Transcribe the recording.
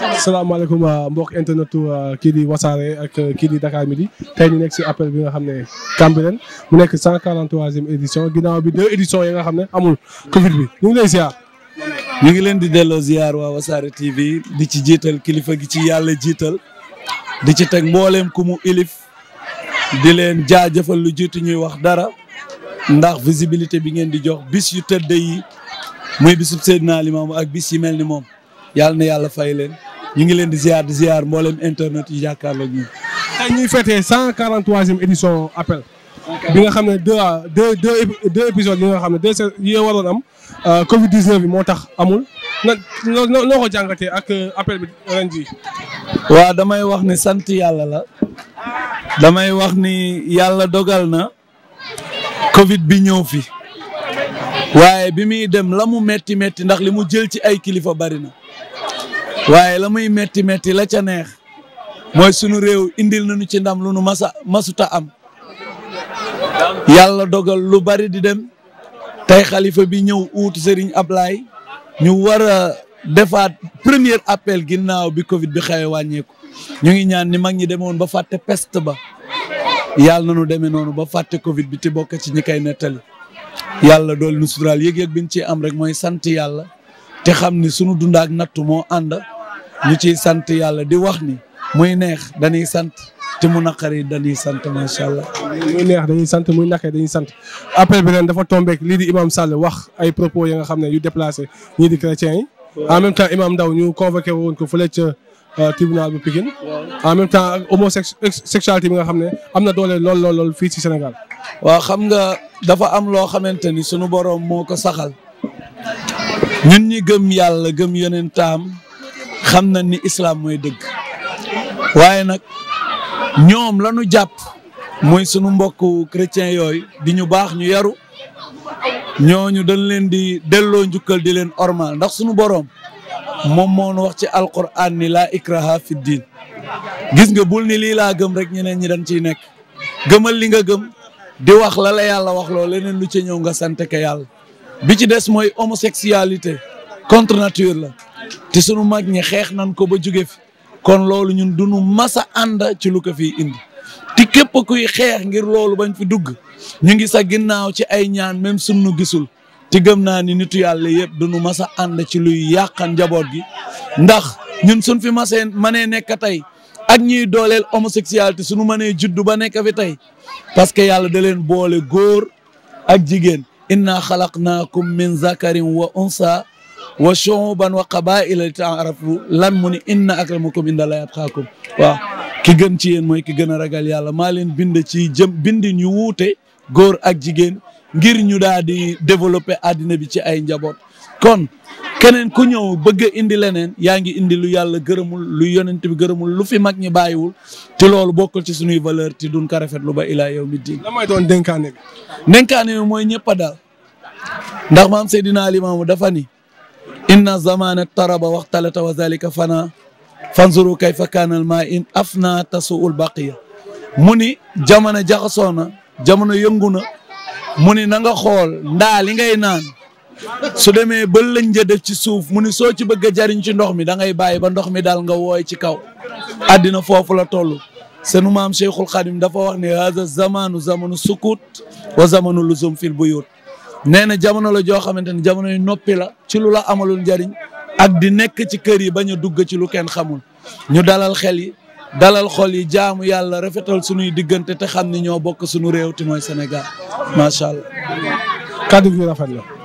salaamaaleykum ah, mbokk internetu ah, kii di wasaare ak ah, kii di Dakar midi tey ñu nekk si appel bi nga xam ne Cambérène mu nekk 143e édition ginnaaw bi deux éditions yi nga xam ne amul Covid bi ñu ngi lay ñu ngi leen di delloo ziar waa wasaare TV di ci jiital kilifa gi ci yàlla jiital di ci teg mbooleem ku mu ilif di leen jaajëfal lu jiitu ñuy wax dara ndax visibilité bi ngeen di jox bis yu tëdd yi muy bisub naa Limaamu ak bis yi mel ni moom yàlla na yàlla fay leen. ñu ngi leen di ziar di ziar mboolem internet yi jàkkaarloog ñu. tey ñuy fêté cent quarante troisième édition appel. bi nga xam ne deux deux deux épisodes yi nga xam ne deux sa yi waroon am. Euh, Covid 19 bi moo tax amul. na noo noo ko ak euh, appel bi ren ji waaw damay wax ni sant yàlla la. damay wax ni yàlla dogal na. Covid bi ñëw fi. waaye bi muy dem la mu metti metti ndax li mu jël ci ay kilifa bari na. waaye la muy metti metti la ca neex mooy sunu réew indil nañu ci ndam lu nu masa masuta am yàlla dogal lu bari di dem tey xalifa bi ñëw uutu Serigne Ablaye ñu war a defaat premier appel ginnaaw bi Covid bi xewe wàññeeku ñu ngi ñaan ni mag ñi demoon ba fàtte pest ba yàlla na nu demee noonu ba fàtte Covid bi ti bokk ci ñi kay nettali yàlla dool nu suturaal yëg-yëg bi ñu ci am rek mooy sant yàlla. te xam ni sunu dund ak nattu moo ànd ñu ci sant yàlla di wax ni muy neex dañuy sant te mu naqari dañuy sant macha allah. muy neex dañuy sant muy naqari dañuy sant appel bi dafa tombé lii di imam Sall wax ay propos yi nga xam ne yu déplacé ñii di chrétiens yi. en même temps imam Ndaw ñu convoqué woon ko fële ca euh, tribunal bu Pikine. en même temps ak homosexualité bi nga xam ne am na doole lool lool fii ci Sénégal. waa xam nga dafa am loo xamante ni sunu borom moo ko saxal. ñun ñi gëm yàlla gëm yeneen yonentaam xam na ni islaam mooy dëgg waaye nag ñoom lañu jàpp mooy sunu mbokku chrétien yooyu di ñu baax ñu yaru ñooñu dañ leen di delloo njukkal di leen ormal ndax sunu boroom moom moo nu wax ci alquran ni laa ikraha fi diin gis nga bul ni lii laa gëm rek ñeneen ñi dañ ciy nekk gëmal li nga gëm di wax la la yàlla wax loo leneen lu ci ñëw nga sant ke yàlla bi ci des mooy homosexualité contre nature la te sunu mag ñi xeex nan ko ba jóge fi kon loolu ñun du masa mas ànd ci lu ko fiy indi te képp kuy xeex ngir loolu bañ fi dugg ñu ngi sa ginnaaw ci ay ñaan même sunu gisul te gëm naa ni nitu yàlla yëpp du nu mas a ci luy yàqan njaboot gi ndax ñun suñ fi masee mënee nekk tey ak ñuy dooleel homosexualité sunu mënee juddu ba nekk fi tey parce que yàlla da leen boole góor ak jigéen. inna xalaqnaakum min zakarin wa unsa wa shu'uban wa qabaila li ta'arafu lan mu ni inna akramakum inda Allahi atqaakum waaw ki gën ci yéen mooy ki gën a ragal yàlla maa leen bind ci jëm bindin yu wuute góor ak jigéen ngir ñu daal di développer àddina bi ci ay njaboot kon keneen ku ñëw bëgg indi leneen yaa ngi indi lu yàlla gërëmul lu yonent bi gërëmul lu fi mag ñi bàyyiwul te loolu bokkul ci suñuy valeur te duñ ko rafetlu ba ilaa yow mi diin. lan mooy doon dénkaane mooy ñëpp a dal ndax maam Seydina Limaamu dafa ni inna zamana taraba waxtalata wa zalika fana fanzuru kayfa kaana al in afna tasuul baqiya mu ni jamono jaxasoo na jamono yëngu na mu xool ndaa li ngay naan. su demee ba lëñ ja def ci suuf mu ni soo ci bëgg jariñ ci ndox mi dangay ngay bàyyi ba ndox mi daal nga wooy ci kaw àddina foofu la toll seenu maam Cheikhul Khadim dafa wax ne haza zamanu zamanu sukut wa zamanu luzum fil buyut nee na jamono la joo xamante ne jamono noppi la ci lu la amalul njariñ ak di nekk ci kër yi bañ a dugg ci lu kenn xamul ñu dalal xel yi dalal xol yi jaamu yàlla rafetal sunuy diggante te xam ni ñoo bokk sunu réew senegal mooy Sénégal rafet la.